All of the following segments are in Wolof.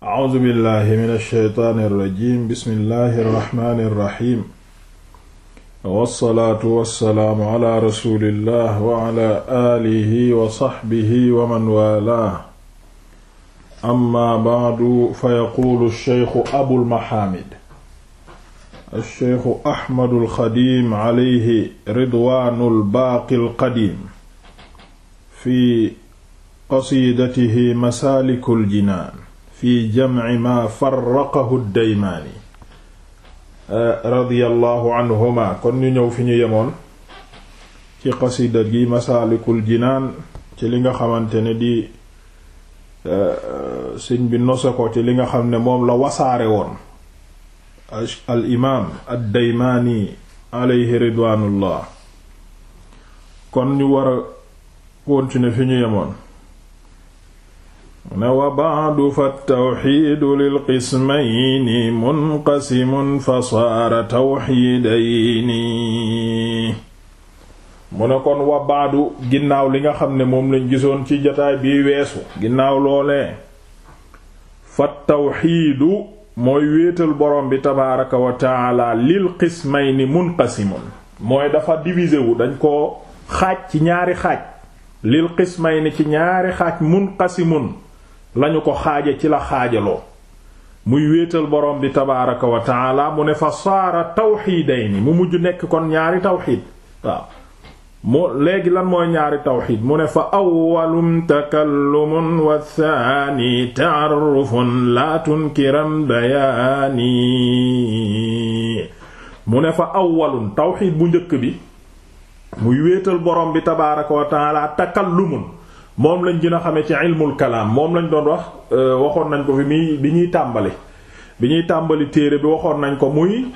a'uuzu billahi mina shaytaani rajiim bismillahi rahmaani rahiim wassalaatu wassalaamu ala rasulillah wa ala aalihi wa saxbihi wa man waalaahu amma ba'du fa yaquulu sheykhu abul mahaamid sheykhu ahmadul xadiim alayhi ridwaanul baaqil qadiim fi qasiidatihi masaalikul jinaan fi jama maa farraqahu ddaymaani radiyallahu anhuma kon ñu ñëw fi ñu yemoon ci qasida gi masaalikul jinaan ci li nga xamante ne di eh, sëñ bi nose ko ci li nga xam ne moom la wasaare woon al imaam ad-Daymaani aleyhi ridwaanullah kon ñu war a continuer fi ñu yemoon na wa baadu fa tawxiidu lil mu ne kon wa ginnaaw li nga xam ne moom lañ gisoon ci jataay bii weesu ginnaaw loolee fa tawxiidu mooy wéetal borom bi tabaaraka wa taala lil qismayni munqasimun mooy dafa divisé wu dañ ko xaaj ci ñaari xaaj lil qismayni ci ñaari xaaj munqasimun lañu ko xaaje ci la xaajaloo muy wéetal boroom bi tabaaraka wa mu ne fa saara tawxiidayni mu mujj nekk kon ñaari tawxiid waaw mu léegi lan mooy ñaari tawxiid mu ne fa awwalum takallumun wa thaani taarufun laa tunkiram bayaani mu ne fa awwalun tawxiid bu njëkk bi muy wéetal boroom bi tabaaraka wa takallumun moom lañ gën a xamee ci ilmul kalaam moom lañ doon wax euh, waxoon nañ ko fi mi bi ñuy tàmbali bi ñuy tàmbali téere bi waxoon nañ ko muy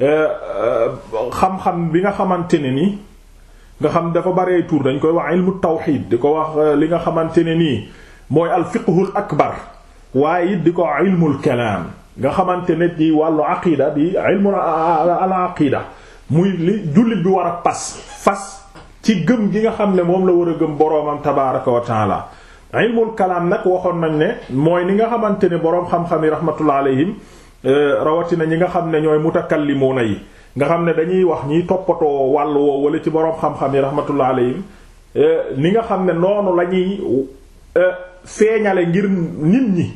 euh, euh, xam-xam bi nga xamante ne ni nga xam dafa baree tur dañ koy wax ilmu tawxiid di ko wax li nga xamante ne nii mooy al fiqhul akbar waaye it di ko ilmul kalaam nga xamante ne di wàllu aqida di ilmul al aqida muy li jullit bi war a pas fas ci gëm gi nga xam ne moom la war a gëm boroomam tabaaraka wa taala ilmul kalaam nag waxoon nañ ne mooy ni nga xamante ne boroom xam-xam yi rahmatullah eh, rawatina ñi nga xam ne ñooy mutakallimuuna yi nga xam ne dañuy wax ñiy toppatoo wàll wala ci boroom xam-xam yi rahmatullah eh, ni nga xam ne noonu la ñuy eh, feeñale ngir nit ñi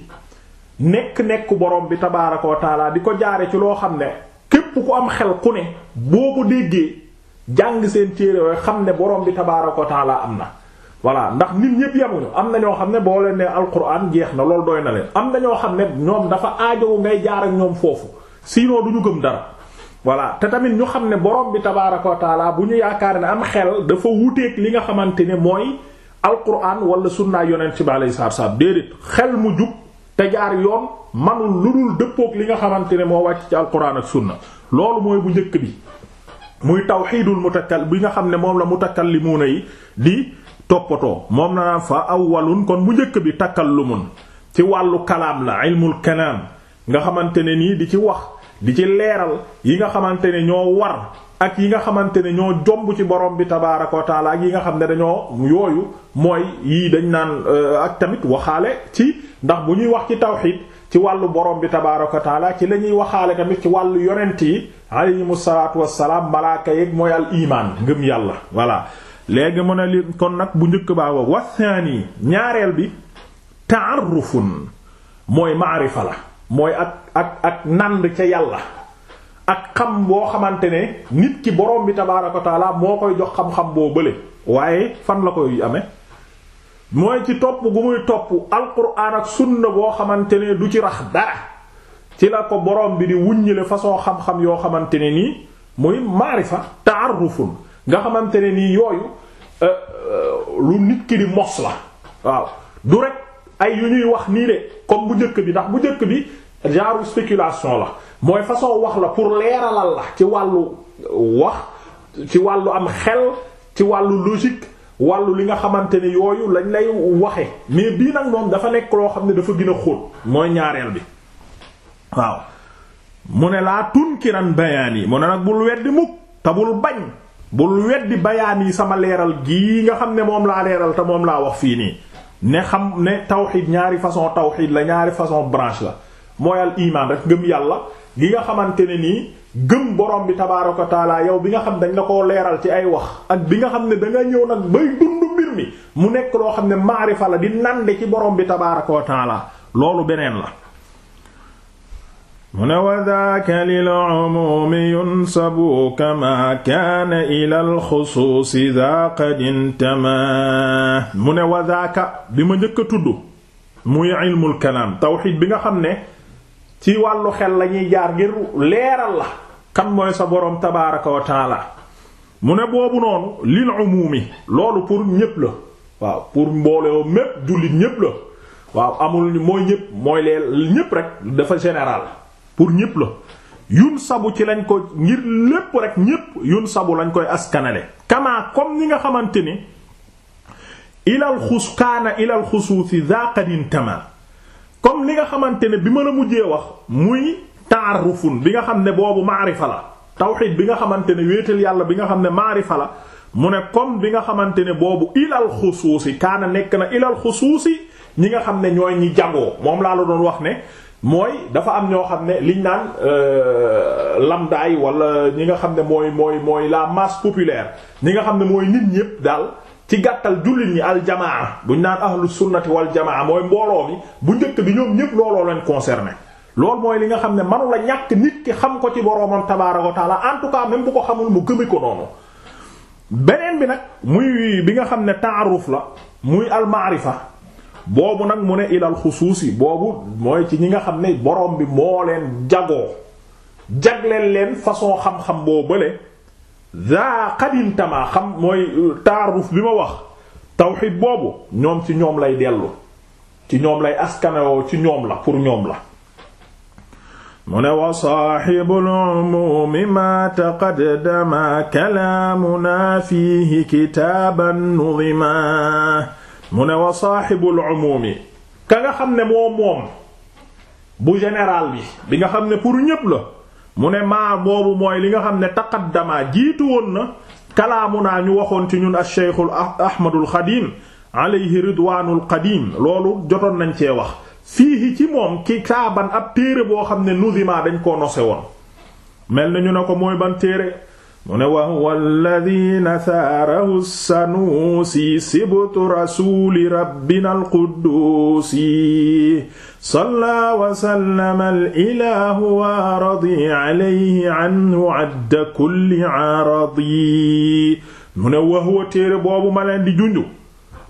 nekk-nekk borom bi tabaaraka wa di ko jaare ci loo xam ne képp ku am xel ku ne boo ko déggee jàng seen téere yooyu xam ne borom bi tabaaraka wa taala am na voilà ndax nit ñépp yemuñu am na ñoo xam ne boo leen ne alquran jeex na loolu doy na leen am na ñoo xam ne ñoom dafa aajowu ngay jaar ak ñoom foofu sinon du ñu gëm dara voilà te tamit ñu xam ne borom bi tabaaraka wa bu ñu yaakaar ne am xel dafa wuteeg li nga xamante ne mooy alquran wala sunna yonent bi alayhi salaatu salaam déedéet xel mu jub te jaar yoon manul lu dul dëppook li nga xamante ne moo wàcc ci alquran ak sunna loolu mooy bu njëkk bi muy tawxiidul mutakal bi nga xam ne moom la mutakallimuuna yi di toppatoo moom na fa aw awwalun kon bu njëkk bi takallumun ci wàllu kalaam la ilmul kalaam nga xamante ne nii di ci wax di ci leeral yi nga xamante ne ñoo war ak yi nga xamante ne ñoo jomb ci borom bi tabaaraka wa ak yi nga xam ne dañoo yooyu mooy yii dañ naan euh, ak tamit waxaale ci ndax bu ñuy wax ci tawxiid ci wàllu borom bi tabaaraka wa ci la ñuy waxaale tamit ci wàllu yonent yi alayhimu salaatu wassalaam malaaka yeeg mooy al imaan ngëm yàlla voilà léegi mu ne li kon nag bu njëkk baa wa wasaani ñaareel bi taarufun mooy maarifa la mooy ak ak ak nand ca yàlla ak xam boo xamante ne nit ki borom bi tabaaraka wa moo koy jox xam-xam boo bële waaye fan la koy amee mooy ci topp gu muy topp alquran ak sunna boo xamante ne du ci rax dara ci la ko boroom bi di wuññile façon xam-xam yoo xamante ne nii muy maarifa taarufun nga xamante ne nii yooyu euh, euh, lu nit ki di mos la waaw du rek ay yu ñuy wax nii de comme bu njëkk bi ndax bu njëkk bi genre spéculation la mooy façon wax la pour leeralal la ci wàllu wax ci wàllu am xel ci wàllu logique wàllu li nga xamante ne yooyu lañ lay waxe mais bii nag moom dafa nekk loo xam ne dafa gën a xóot mooy ñaareel bi waaw mu ne laa tunkiran bayaan yi mu ne nag bul weddi mukk te bul bañ bul weddi bayaan yi sama leeral gii nga xam ne moom laa leeral te moom laa wax fii nii ne xam ne tawxid ñaari façon tawxid la ñaari façon branche la mooy al iman rek ngëm yàlla gi nga xamante ne nii gëm borom bi tabaaraka taala yow bi nga xam dañ la koo leeral ci ay wax ak bi nga xam ne danga nga ñëw nag bay dund mbir mi mu nekk loo xam ne maarifa la di nande ci borom bi tabaaraka taala loolu beneen la mu ne wa daaka lil umuumi mu ne wa bi ma njëkk a tudd muy ilmul kalaam tawxiid bi nga xam ne ci wàllu xel lañuy jaar ngir leeral la kan mooy sa boroom tabaaraka wa mu ne boobu noonu lil umumi loolu pour ñépp la waaw pour mbooloo mépp jullit ñépp la waaw amul mooy ñépp mooy leel ñépp rek dafa général pour ñépp la yun sabu ci lañ ko ngir lépp rek ñépp yun sabu lañ koy askanale kama comme ni nga xamante ni ilal xus kaana ilal xusuusi zaqadin tama comme li nga xamante ne bi ma la mujjee wax muy taarufun bi nga xam ne boobu maarifa la tawxid bi nga xamante ne wéetal yàlla bi nga xam ne maarifa la mu ne comme bi nga xamante ne boobu ilal xusuusi kaana nekk na ilal xusuusi ñi nga xam ne ñooy ñi jagoo moom laa la doon wax ne mooy dafa am ñoo xam ne liñ naan euh, lamdaay wala ñi nga xam ne mooy mooy mooy la masse populaire ñi nga xam ne mooy nit ñépp daal ci gàttal jullit ñi aljamaa ñu naan ahlu sunnati waljamaa mooy mbooloo mi bu njëkk bi ñoom ñépp looloo leen concerné lool mooy li nga xam ne manu la ñàkk nit ki xam ko ci boroomam tabaaraka wa taala en tout cas même bu ko xamul mu gëmi ko noonu beneen bi nag muy bi nga xam ne taaruf la muy almaarifa boobu nag mu ne ilal xusuusi boobu mooy ci ñi nga xam ne boroom bi moo leen jagoo jagleel leen façon xam-xam boo bële daa xadintamaa xam mooy euh, taaruf bi ma wax tawxid boobu ñoom ci ñoom lay dellu ci ñoom lay askanewoo ci ñoom la pour ñoom la mu ne wa saaxibul umuumi ma taqaddama kalaamuna fiihi kitaaban nudima mu ne wa saaxibul umuumi ka nga xam ne moom moom bu général bi bi nga xam ne pour ñépp la mu ne maa boobu mooy li nga xam ne taqaddama jiitu woon na kalaamu naa ñu waxoon ci ñun ash-shaykhul ahmadul xadim alayhi ridwaanul qadim loolu jotoon nañ cee wax fii ci moom kitaaban ab péere boo xam ne nuzima dañ koo nose woon mel na ñu ne ko mooy ban téere mu ne wa huwa alladhi nathaarahu sanuusi sibtu rasuuli rabbina alqudduusi salla wa sallama al-ilaahu wa radi alayhi anhu adda kulli aaradi mu ne wa huwa téere boobu ma leen di junju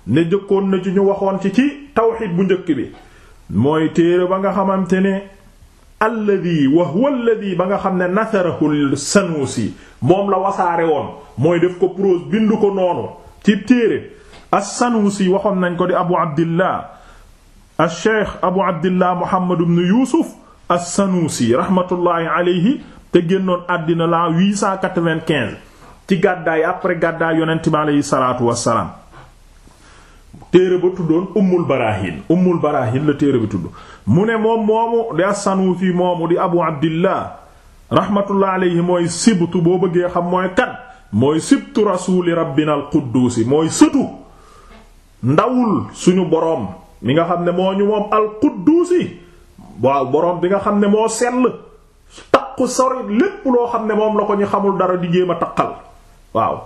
ne jëkkoon na ci ñu waxoon ci ci tawxiid bu njëkk bi mooy téere ba nga xamante ne alladi wa huwa alladi ba nga xam ne nasarahu sanuusi moom la wasaare woon mooy def ko prose bindu ko noonu ci téere as-sanuusi waxoon nañ ko di abu abdillah as-cheikh abu abdillah muhammad ibn yusuf as-sanuusi rahmatullahi alayhi te génnoon àddina la 895 ci gàddaay après gàddaay yonent bi aleyhi salaatu wassalaam téere ba tuddoon ummul barahin ummul barahin la téere bi tudd mu ne moom moomu di as-Sanusi moomu di abu abdillah rahmatullah alayhi mooy sibtu boo bëggee xam mooy kat mooy sibtu rasuli rabbina al quddusi mooy sëtu ndawul suñu boroom bi nga xam ne moo ñu moom al quddusi waaw boroom bi nga xam ne moo sell takku sori lépp loo xam ne moom la ko ñu xamul dara di jéem a taqal waaw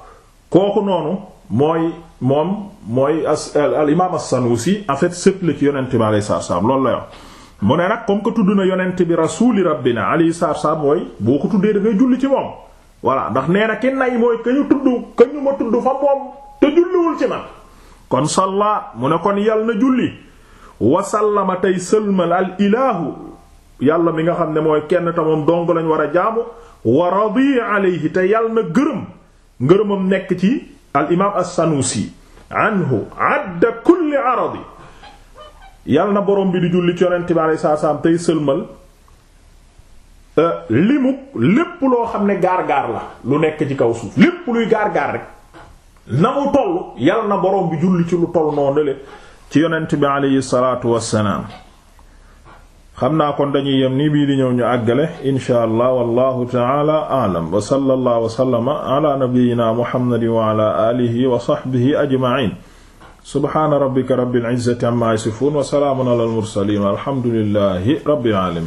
kooku noonu mooy moom mooy al imaam as-Sanusi en fait sët la ci yonent bi alayhi salaam loolu la yor mu ne nag comme que tudd na yonent bi rasuuli rabbina alayhi salaam mooy boo ko tuddee dafay julli ci moom. voilà ndax nee na ki nay mooy ka tudd ka ma tudd fa moom te julliwul ci man kon salla mu ne kon yal na julli wasallama tey sëlmal al ilaahu yàlla mi nga xam ne mooy kenn te moom dong lañ war a jaamu wa radi alayhi te yal na gërëm ngërëmam nekk ci. al imaam as-Sanusi anhu adda kulli aradi yal na borom bi di julli ci yonent bi alayhi salaam tey sëlmal euh, limuk lépp loo xam ne gaar-gaar la lu nekk ci kaw suuf lépp luy gaar-gaar rek na mu toll yal na borom bi julli ci lu toll noonu le ci yonent bi alayhi salaatu wassalaam xam naa kon dañuy yem ni bii di ñëw ñu àggale inshaa allah wallahu taala aalam wa sallallahu wa sallama ala nabiyyina muhammadin wa ala alihi wa sahbihi ajma'in subhaana rabbika rabbil izzati amma yasifun wa salaamun ala al mursalin alhamdulillahi rabbil alamin